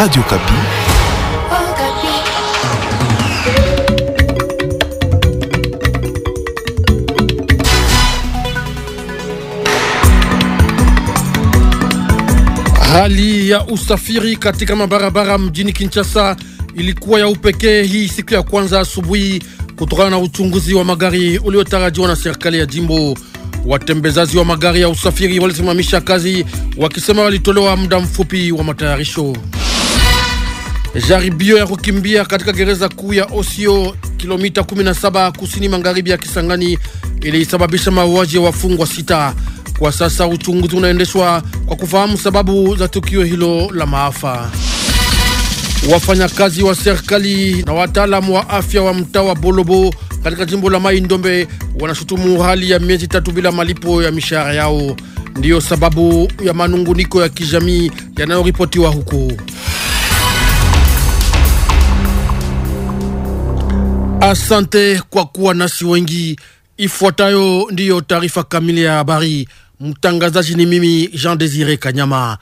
Radio Kapi. Hali ya usafiri katika mabarabara mjini Kinshasa ilikuwa ya upekee hii siku ya kwanza asubuhi kutokana na uchunguzi wa magari uliotarajiwa na serikali ya jimbo. Watembezaji wa magari ya usafiri walisimamisha kazi wakisema walitolewa muda mfupi wa matayarisho. Jaribio ya kukimbia katika gereza kuu ya Osio kilomita 17 kusini magharibi ya Kisangani ilisababisha mauaji ya wafungwa sita. Kwa sasa uchunguzi unaendeshwa kwa kufahamu sababu za tukio hilo la maafa. Wafanyakazi wa serikali na wataalamu wa afya wa mtaa wa Bolobo katika jimbo la Mai Ndombe wanashutumu hali ya miezi tatu bila malipo ya mishahara yao. Ndiyo sababu ya manunguniko ya kijamii yanayoripotiwa huko. Asante kwa kuwa nasi wengi. Ifuatayo ndiyo taarifa kamili ya habari. Mtangazaji ni mimi Jean Desire Kanyama.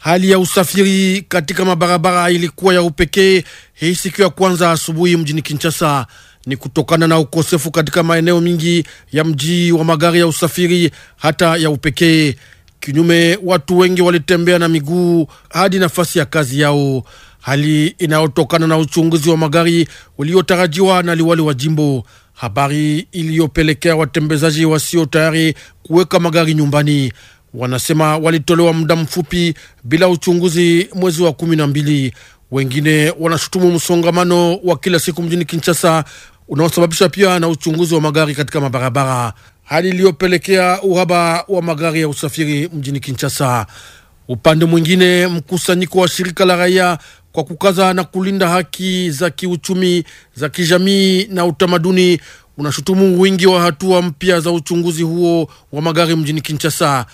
Hali ya usafiri katika mabarabara ilikuwa ya upekee hii siku ya kwanza asubuhi mjini Kinshasa. Ni kutokana na ukosefu katika maeneo mingi ya mji wa magari ya usafiri hata ya upekee. Kinyume, watu wengi walitembea na miguu hadi nafasi ya kazi yao hali inayotokana na uchunguzi wa magari uliotarajiwa na liwali wa jimbo, habari iliyopelekea watembezaji wasio tayari kuweka magari nyumbani. Wanasema walitolewa muda mfupi bila uchunguzi mwezi wa kumi na mbili. Wengine wanashutumu msongamano wa kila siku mjini Kinshasa unaosababisha pia na uchunguzi wa magari katika mabarabara, hali iliyopelekea uhaba wa magari ya usafiri mjini Kinshasa. Upande mwingine, mkusanyiko wa shirika la raia kwa kukaza na kulinda haki za kiuchumi, za kijamii na utamaduni unashutumu wingi wa hatua mpya za uchunguzi huo wa magari mjini Kinshasa.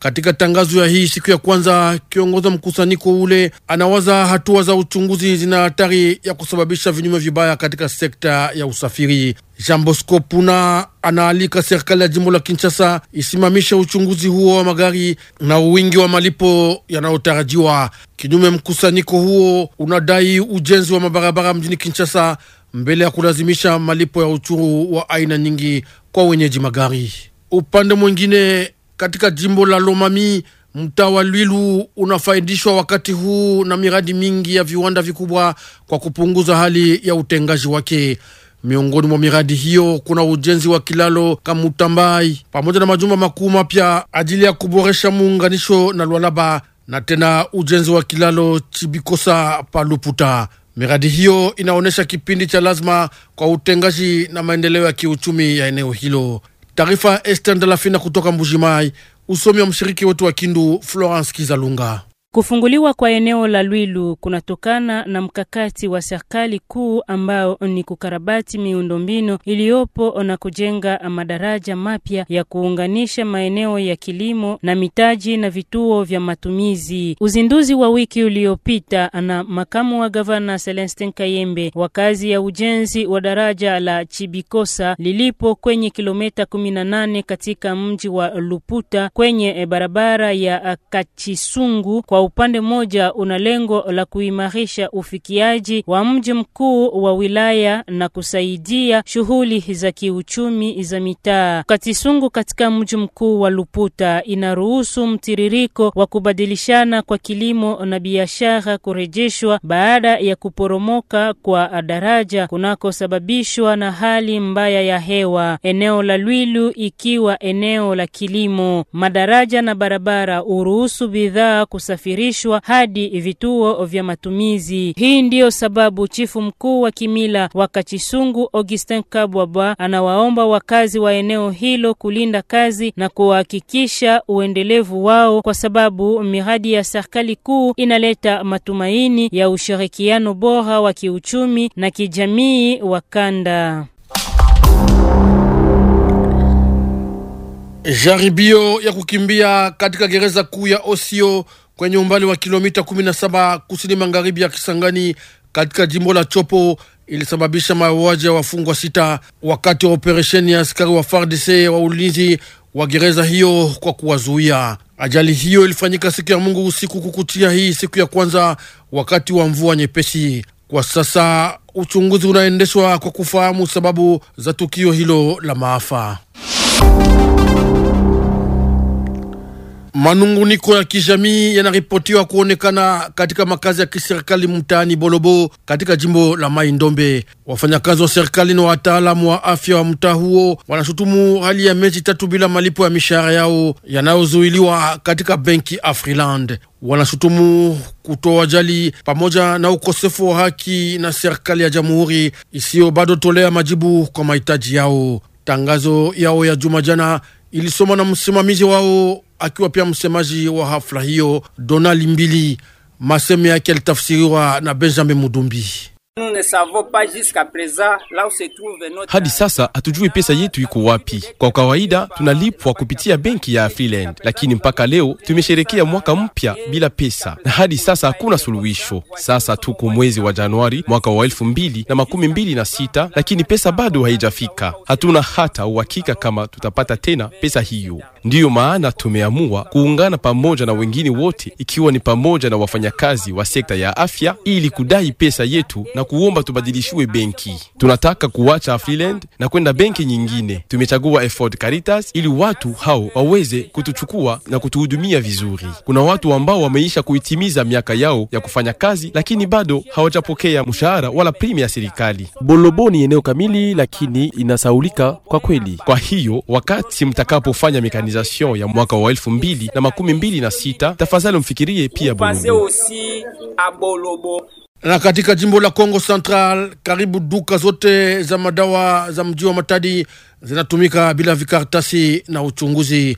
Katika tangazo ya hii siku ya kwanza, kiongoza mkusanyiko ule anawaza hatua za uchunguzi zina hatari ya kusababisha vinyume vibaya katika sekta ya usafiri. Jean Bosco Puna anaalika serikali ya jimbo la Kinshasa isimamishe uchunguzi huo wa magari na uwingi wa malipo yanayotarajiwa. Kinyume, mkusanyiko huo unadai ujenzi wa mabarabara mjini Kinshasa mbele ya kulazimisha malipo ya uchuru wa aina nyingi kwa wenyeji magari. Upande mwingine katika jimbo la Lomami. Mtaa wa Lwilu unafaidishwa wakati huu na miradi mingi ya viwanda vikubwa kwa kupunguza hali ya utengaji wake. Miongoni mwa miradi hiyo kuna ujenzi wa kilalo Kamutambai pamoja na majumba makuu mapya ajili ya kuboresha muunganisho na Lwalaba na tena ujenzi wa kilalo Chibikosa Paluputa. Miradi hiyo inaonyesha kipindi cha lazima kwa utengaji na maendeleo ya kiuchumi ya eneo hilo. Taarifa Esther Ndalafina kutoka Mbujimai, usomi wa mshiriki wetu wa Kindu Florence Kizalunga. Kufunguliwa kwa eneo la Lwilu kunatokana na mkakati wa serikali kuu ambao ni kukarabati miundombinu iliyopo na kujenga madaraja mapya ya kuunganisha maeneo ya kilimo na mitaji na vituo vya matumizi. Uzinduzi wa wiki uliopita na makamu wa gavana Celestin Kayembe wa kazi ya ujenzi wa daraja la Chibikosa lilipo kwenye kilomita 18 katika mji wa Luputa kwenye barabara ya Kachisungu kwa upande mmoja una lengo la kuimarisha ufikiaji wa mji mkuu wa wilaya na kusaidia shughuli za kiuchumi za mitaa. Katisungu katika mji mkuu wa Luputa inaruhusu mtiririko wa kubadilishana kwa kilimo na biashara kurejeshwa baada ya kuporomoka kwa daraja kunakosababishwa na hali mbaya ya hewa. Eneo la Lwilu ikiwa eneo la kilimo, madaraja na barabara uruhusu bidhaa kusafiri kusafirishwa hadi vituo vya matumizi. Hii ndiyo sababu chifu mkuu wa kimila wa Kachisungu Augustin Kabwaba anawaomba wakazi wa eneo hilo kulinda kazi na kuhakikisha uendelevu wao, kwa sababu miradi ya serikali kuu inaleta matumaini ya ushirikiano bora wa kiuchumi na kijamii wa kanda. Jaribio ya kukimbia katika gereza kuu ya Osio kwenye umbali wa kilomita 17 kusini magharibi ya Kisangani katika jimbo la Chopo ilisababisha mauaji ya wafungwa sita wakati wa operesheni ya askari wa FARDC wa ulinzi wa gereza hiyo kwa kuwazuia. Ajali hiyo ilifanyika siku ya Mungu usiku kukutia hii siku ya kwanza wakati wa mvua nyepesi. Kwa sasa uchunguzi unaendeshwa kwa kufahamu sababu za tukio hilo la maafa. Manunguniko ya kijamii yanaripotiwa kuonekana katika makazi ya kiserikali mtaani Bolobo katika jimbo la Mai Ndombe. Wafanyakazi wa serikali na wataalamu wa afya wa mtaa huo wanashutumu hali ya mezi tatu bila malipo ya mishahara yao yanayozuiliwa katika benki Afriland. Wanashutumu jali pamoja na ukosefu wa haki na serikali ya jamhuri isiyo bado tolea majibu kwa mahitaji yao. Tangazo yao ya juma jana na msimamizi wao akiwa pia msemaji wa hafla hiyo Donali Mbili. Maseme yake yalitafsiriwa na Benjamin Mudumbi. Hadi sasa hatujui pesa yetu iko wapi. Kwa kawaida tunalipwa kupitia benki ya Freeland, lakini mpaka leo tumesherekea mwaka mpya bila pesa, na hadi sasa hakuna suluhisho. Sasa tuko mwezi wa Januari mwaka wa elfu mbili na makumi mbili na sita, lakini pesa bado haijafika. Hatuna hata uhakika kama tutapata tena pesa hiyo. Ndiyo maana tumeamua kuungana pamoja na wengine wote, ikiwa ni pamoja na wafanyakazi wa sekta ya afya, ili kudai pesa yetu na kuomba tubadilishiwe benki. Tunataka kuwacha freeland na kwenda benki nyingine. Tumechagua Effort Caritas ili watu hao waweze kutuchukua na kutuhudumia vizuri. Kuna watu ambao wameisha kuitimiza miaka yao ya kufanya kazi, lakini bado hawajapokea mshahara wala primi ya serikali. Bolobo ni eneo kamili, lakini inasaulika kwa kweli. Kwa hiyo wakati mtakapofanya mekanization ya mwaka wa elfu mbili na makumi mbili na sita tafadhali mfikirie pia Bolobo. Na katika jimbo la Kongo Central, karibu duka zote za madawa za mji wa Matadi zinatumika bila vikaratasi na uchunguzi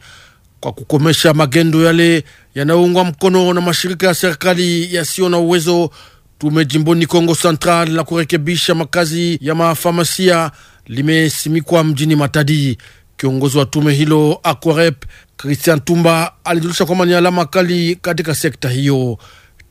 kwa kukomesha magendo yale yanayoungwa mkono na mashirika ya serikali yasiyo na uwezo. Tume jimboni Kongo Central la kurekebisha makazi ya mafamasia limesimikwa mjini Matadi. Kiongozi wa tume hilo Aquarep Christian Tumba alijulisha kwamba ni alama kali katika sekta hiyo.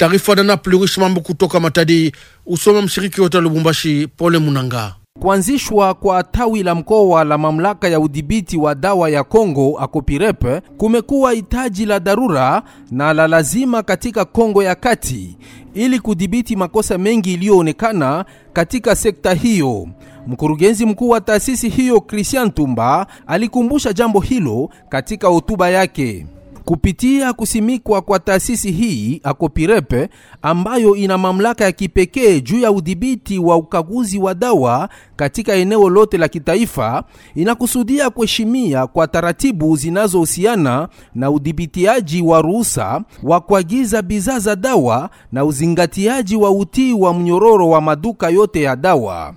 Taarifa na Plurish Mambo kutoka Matadi, usome mshiriki wote wa Lubumbashi, Pole Munanga. Kuanzishwa kwa tawi la mkoa la mamlaka ya udhibiti wa dawa ya Kongo Akopirepe kumekuwa hitaji la dharura na la lazima katika Kongo ya Kati ili kudhibiti makosa mengi iliyoonekana katika sekta hiyo. Mkurugenzi mkuu wa taasisi hiyo Christian Tumba alikumbusha jambo hilo katika hotuba yake. Kupitia kusimikwa kwa taasisi hii Akopirepe, ambayo ina mamlaka ya kipekee juu ya udhibiti wa ukaguzi wa dawa katika eneo lote la kitaifa, inakusudia kuheshimia kwa taratibu zinazohusiana na udhibitiaji wa ruhusa wa kuagiza bidhaa za dawa na uzingatiaji wa utii wa mnyororo wa maduka yote ya dawa.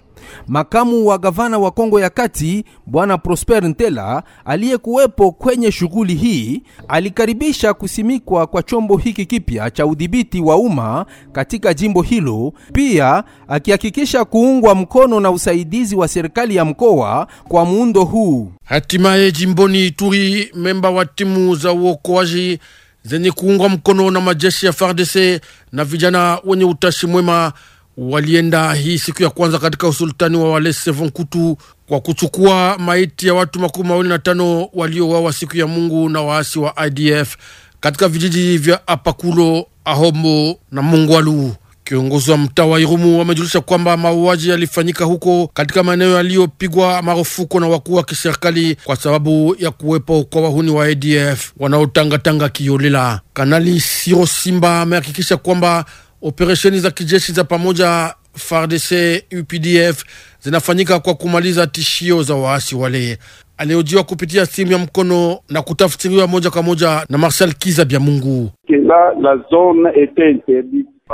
Makamu wa gavana wa Kongo ya Kati Bwana Prosper Ntela aliyekuwepo kwenye shughuli hii alikaribisha kusimikwa kwa chombo hiki kipya cha udhibiti wa umma katika jimbo hilo, pia akihakikisha kuungwa mkono na usaidizi wa serikali ya mkoa kwa muundo huu. Hatimaye jimboni Ituri, memba wa timu za uokoaji zenye kuungwa mkono na majeshi ya FARDC na vijana wenye utashi mwema walienda hii siku ya kwanza katika usultani wa Walese Vonkutu kwa kuchukua maiti ya watu makumi mawili na tano waliowawa siku ya Mungu na waasi wa IDF katika vijiji vya Apakulo, Ahombo na Mungwalu. Kiongozi wa mtaa wa Irumu wamejulisha kwamba mauaji yalifanyika huko katika maeneo yaliyopigwa marufuku na wakuu wa kiserikali kwa sababu ya kuwepo kwa wahuni wa ADF wanaotangatanga kiolela. Kanali Siro Simba amehakikisha kwamba Operesheni za kijeshi za pamoja FARDC UPDF zinafanyika kwa kumaliza tishio za waasi wale. Alihojiwa kupitia simu ya mkono na kutafsiriwa moja kwa moja na Marshal Kiza Bya Mungu.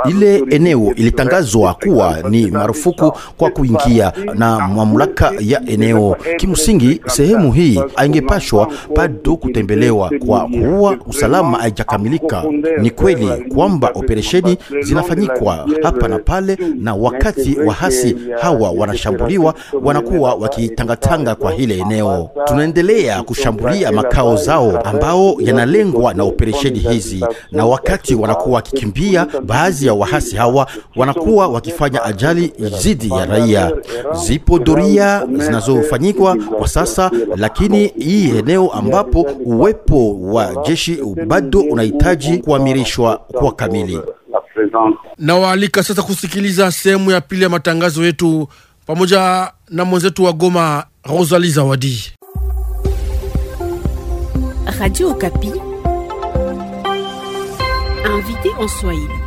Ile eneo ilitangazwa kuwa ni marufuku kwa kuingia na mamlaka ya eneo. Kimsingi, sehemu hii haingepashwa bado kutembelewa kwa kuwa usalama haijakamilika. Ni kweli kwamba operesheni zinafanyikwa hapa na pale, na wakati wahasi hawa wanashambuliwa wanakuwa wakitangatanga kwa hile eneo. Tunaendelea kushambulia makao zao ambao yanalengwa na operesheni hizi, na wakati wanakuwa wakikimbia baadhi baadhi ya wahasi hawa wanakuwa wakifanya ajali dhidi ya raia. Zipo doria zinazofanyikwa kwa sasa, lakini hii eneo ambapo uwepo wa jeshi bado unahitaji kuamirishwa kwa kamili. Na sasa kusikiliza sehemu ya pili ya matangazo yetu pamoja na mwenzetu wa Goma, rosali Zawadi, Radio Okapi, invité en Swahili.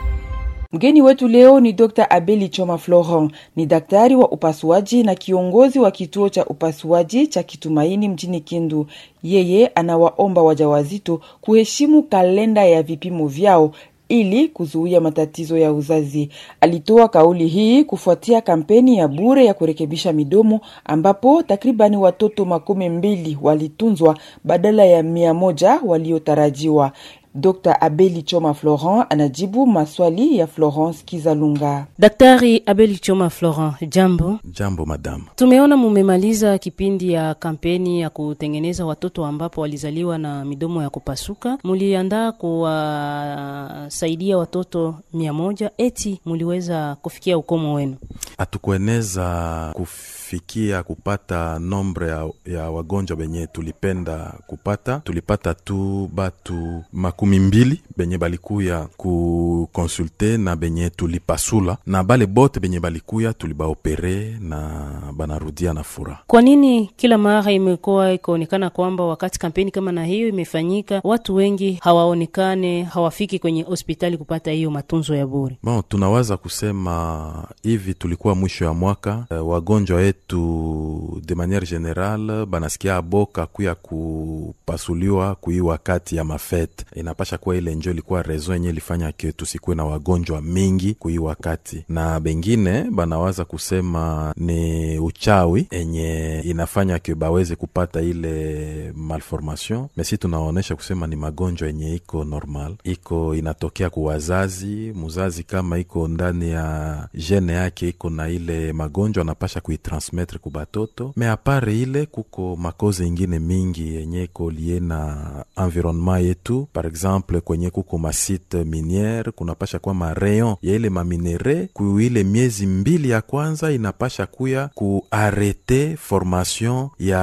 Mgeni wetu leo ni Dr. Abeli Choma Florent, ni daktari wa upasuaji na kiongozi wa kituo cha upasuaji cha Kitumaini mjini Kindu. Yeye anawaomba wajawazito kuheshimu kalenda ya vipimo vyao ili kuzuia matatizo ya uzazi. Alitoa kauli hii kufuatia kampeni ya bure ya kurekebisha midomo ambapo takribani watoto makumi mbili walitunzwa badala ya mia moja waliotarajiwa. Dr Abeli Choma Florent anajibu maswali ya Florence Kizalunga. Daktari Abeli Choma Florent, jambo. Jambo madam. Tumeona mumemaliza kipindi ya kampeni ya kutengeneza watoto ambapo walizaliwa na midomo ya kupasuka, muliandaa kuwasaidia watoto mia moja. Eti muliweza kufikia ukomo wenu? Hatukueneza kufi hatukufikia kupata nombre ya, ya wagonjwa benye tulipenda kupata. Tulipata tu batu makumi mbili benye balikuya kukonsulte na benye tulipasula, na bale bote benye balikuya tulibaopere na banarudia na fura Kwa nini kila mara imekuwa ikaonekana kwamba wakati kampeni kama na hiyo imefanyika, watu wengi hawaonekane, hawafiki kwenye hospitali kupata hiyo matunzo ya bure? Bon, tunawaza kusema hivi, tulikuwa mwisho ya mwaka, eh, wagonjwa wetu wetu de maniere generale banasikia aboka kuya kupasuliwa kui wakati ya mafete. E, inapasha kuwa ile njo ilikuwa rezo yenye ilifanya ke tusikuwe na wagonjwa mingi kui wakati, na bengine banawaza kusema ni uchawi enye inafanya ke baweze kupata ile malformation, mesi tunaonesha kusema ni magonjwa yenye iko normal, iko inatokea ku wazazi. Muzazi kama iko ndani ya jene yake iko na ile magonjwa anapasha kuitrans metre ku batoto me apare ile kuko makoze ingine mingi yenye kolie na environnement yetu par exemple kwenye kuko masite miniere kunapasha kuwa marayon ya ile maminere kuile ile miezi mbili ya kwanza inapasha kuya kuarete formation ya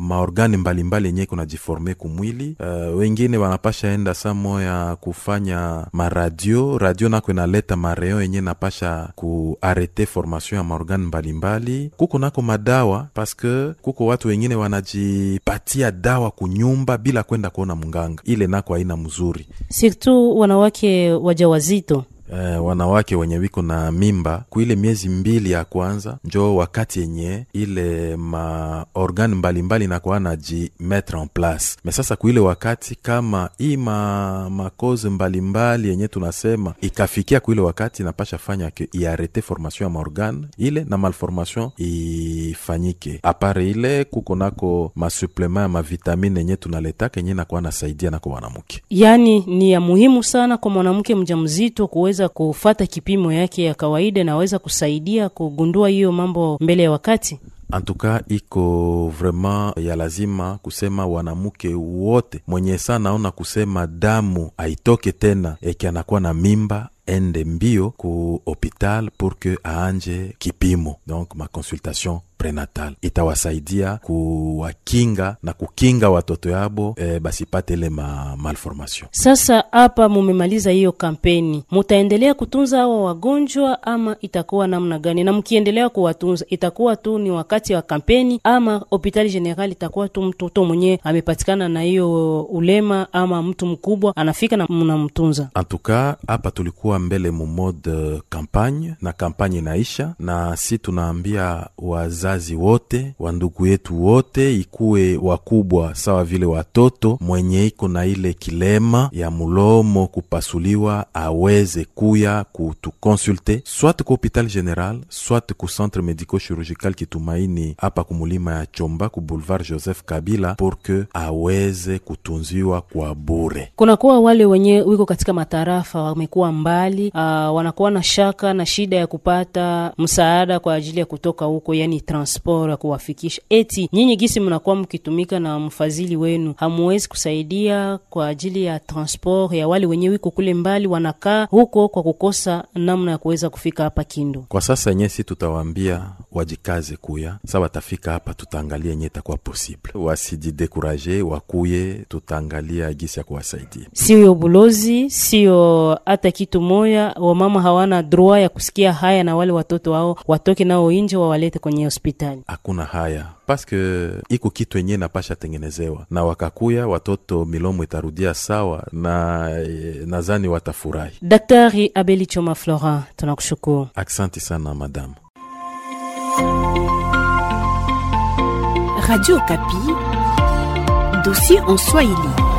maorgane mbalimbali yenye kunajiforme kumwili uh, wengine wanapasha enda samo ya kufanya maradio radio nako inaleta marayon yenye napasha kuarete formation ya maorgane mbalimbali kuko nako madawa paske kuko watu wengine wanajipatia dawa kunyumba bila kwenda kuona munganga, ile nako haina mzuri, sirtu wanawake wajawazito eh, wanawake wenye wiko na mimba kuile miezi mbili ya kwanza njo wakati yenye ile maorgani mbalimbali nakuwa na ji mettre en place me sasa kuile wakati kama hii ma makoze mbalimbali yenye tunasema ikafikia kuile wakati inapasha fanya ke iarete formation ya maorgane ile na malformation ifanyike apare ile kuko nako masuplema ya mavitamine yenye tunaletaka yenye nakuwa nasaidia nako wanamuke yani ni ya muhimu sana kwa mwanamke mjamzito kuweza anaweza kufata kipimo yake ya kawaida naweza kusaidia kugundua hiyo mambo mbele ya wakati. Antuka iko vrema ya lazima kusema wanamuke wote mwenye saa naona kusema damu aitoke tena eki anakuwa na mimba ende mbio ku hopital pour que aanje kipimo, donc ma consultation prenatal itawasaidia kuwakinga na kukinga watoto yabo e, basipate ile ma, malformation. Sasa hapa mumemaliza hiyo kampeni, mutaendelea kutunza hawa wagonjwa ama itakuwa namna gani? Na mkiendelea kuwatunza itakuwa tu ni wakati wa kampeni ama hopitali general itakuwa tu mtoto mwenyewe amepatikana na hiyo ulema ama mtu mkubwa anafika na mnamtunza? Antuka hapa tulikuwa mbele mumode kampagne eh, na kampagne inaisha, na si tunaambia waza wazazi wote, ndugu yetu wote, ikuwe wakubwa sawa vile watoto. Mwenye iko na ile kilema ya mulomo kupasuliwa aweze kuya kutukonsulte swat ku hopital general swat ku centre medico chirurgical Kitumaini hapa kumulima ya Chomba ku boulevard Joseph Kabila porke aweze kutunziwa kwa bure. Kunakuwa wale wenye wiko katika matarafa wamekuwa mbali, uh, wanakuwa na shaka na shida ya kupata msaada kwa ajili ya kutoka huko yani transport kuwafikisha. Eti nyinyi gisi mnakuwa mkitumika na mfadhili wenu, hamuwezi kusaidia kwa ajili ya transport ya wale wenyewe wiko kule mbali, wanakaa huko kwa kukosa namna ya kuweza kufika hapa Kindu. Kwa sasa nyesi tutawaambia wajikaze kuya sa watafika hapa, tutaangalia nye itakuwa posible, wasijidekuraje wakuye, tutaangalia gisi ya kuwasaidia. Siyo bulozi siyo hata kitu moya, wamama hawana droit ya kusikia haya, na wale watoto wao watoke nao inje wawalete kwenye hospitali hospitali. Hakuna haya paske iko kitu yenyewe napasha tengenezewa na wakakuya watoto, milomo itarudia sawa na eh, nazani watafurahi. Daktari Abeli Choma Flora, tunakushukuru. Aksanti sana madamu. Radio Kapi, dossier en Swahili.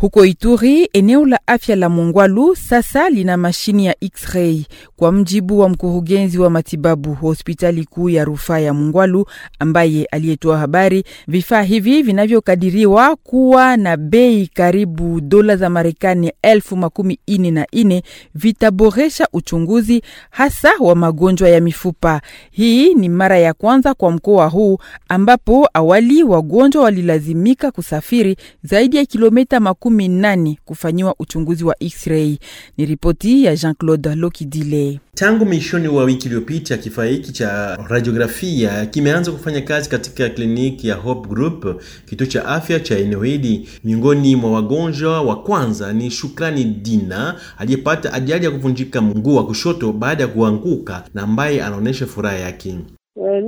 Huko Ituri, eneo la afya la Mongwalu sasa lina mashini ya X-ray. Kwa mjibu wa mkurugenzi wa matibabu hospitali kuu ya rufaa ya Mongwalu ambaye aliyetoa habari, vifaa hivi vinavyokadiriwa kuwa na bei karibu dola za Marekani elfu makumi ine na ine vitaboresha uchunguzi hasa wa magonjwa ya mifupa. Hii ni mara ya kwanza kwa mkoa huu ambapo awali wagonjwa walilazimika kusafiri zaidi ya kilomita makumi kumi nane kufanyiwa uchunguzi wa X-ray. Ni ripoti ya Jean-Claude Lokidile. Tangu mwishoni wa wiki iliyopita kifaa hiki cha radiografia kimeanza kufanya kazi katika kliniki ya Hope Group, kituo cha afya cha eneo hili. Miongoni mwa wagonjwa wa kwanza ni Shukrani Dina aliyepata ajali ya kuvunjika mguu wa kushoto baada ya kuanguka na ambaye anaonyesha furaha yake. Eh,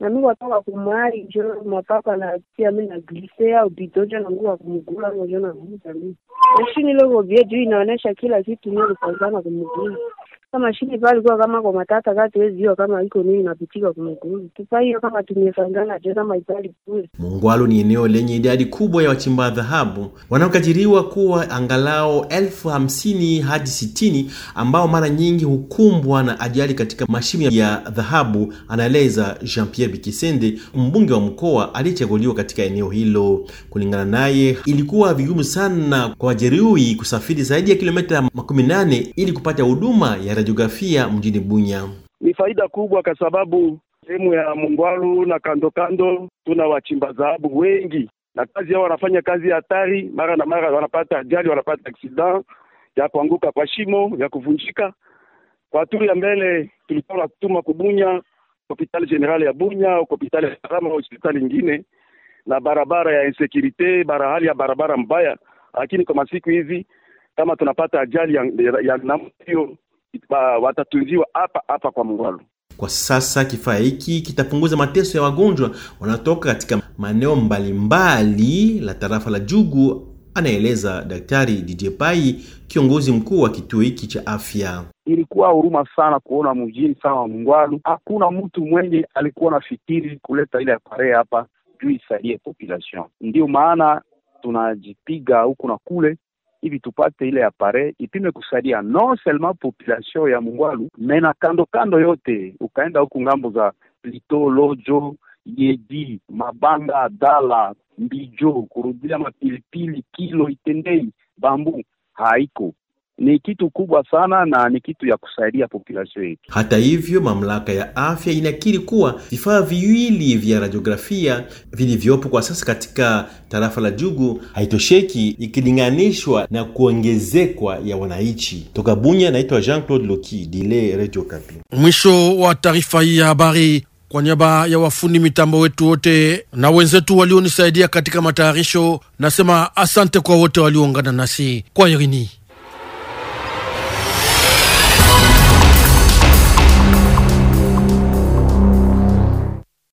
na mi watoka kumwali njo mapapa natia mi naglisea ubidojo nangu wakumugula ngojo nanguza mi mashini logo vyetu inaonesha kila kitu mi lipazana kumugula kama shida pale ilikuwa kama kwa matata kati hiyo kama iko nini napitika kumekuru tupa hiyo kama tumefangana je kama ipali kule. Mungwalu ni eneo lenye idadi kubwa ya wachimba dhahabu wanaokadiriwa kuwa angalao elfu hamsini hadi sitini ambao mara nyingi hukumbwa na ajali katika mashimo ya dhahabu, anaeleza Jean Pierre Bikisende, mbunge wa mkoa aliyechaguliwa katika eneo hilo. Kulingana naye, ilikuwa vigumu sana kwa wajeruhi kusafiri zaidi ya kilomita makumi nane ili kupata huduma ya za mjini Bunya. Ni faida kubwa kwa sababu sehemu ya Mungwaru na kando kando tuna wachimba dhahabu wengi, na kazi yao wanafanya kazi ya hatari, mara na mara wanapata ajali, wanapata accident ya kuanguka kwa shimo ya kuvunjika. Kwa turi ya mbele tulikuwa natuma kubunya hospitali general ya Bunya, hospitali ya Karama, hospitali nyingine na barabara ya insecurity, bara hali ya barabara mbaya. Lakini kwa masiku hizi kama tunapata ajali ya namna hiyo, watatunziwa hapa hapa kwa Mngwalu. Kwa sasa kifaa hiki kitapunguza mateso ya wagonjwa wanaotoka katika maeneo mbalimbali la tarafa la Jugu, anaeleza Daktari DJ Pai, kiongozi mkuu wa kituo hiki cha afya. Ilikuwa huruma sana kuona mjini sana wa mungwalu hakuna mtu mwenye alikuwa nafikiri kuleta ile aparee hapa juu isaidie population. Ndiyo maana tunajipiga huku na kule hivi tupate ile apare ipime kusalia non seulement population ya Mungwalu na kando kando yote, ukaenda huku ngambo za Plito, Lojo, Yedi, Mabanga, Dala, Mbijo, kurudia mapilipili kilo itendei bambu haiko ni kitu kubwa sana na ni kitu ya kusaidia population yetu. Hata hivyo, mamlaka ya afya inakiri kuwa vifaa viwili vya radiografia vilivyopo kwa sasa katika tarafa la Jugu haitosheki ikilinganishwa na kuongezekwa ya wananchi. Toka Bunya, naitwa Jean-Claude Loki Dile, Radio Kapi. Mwisho wa taarifa hii ya habari. Kwa niaba ya wafundi mitambo wetu wote na wenzetu walionisaidia katika matayarisho, nasema asante kwa wote walioungana nasi kwa irini.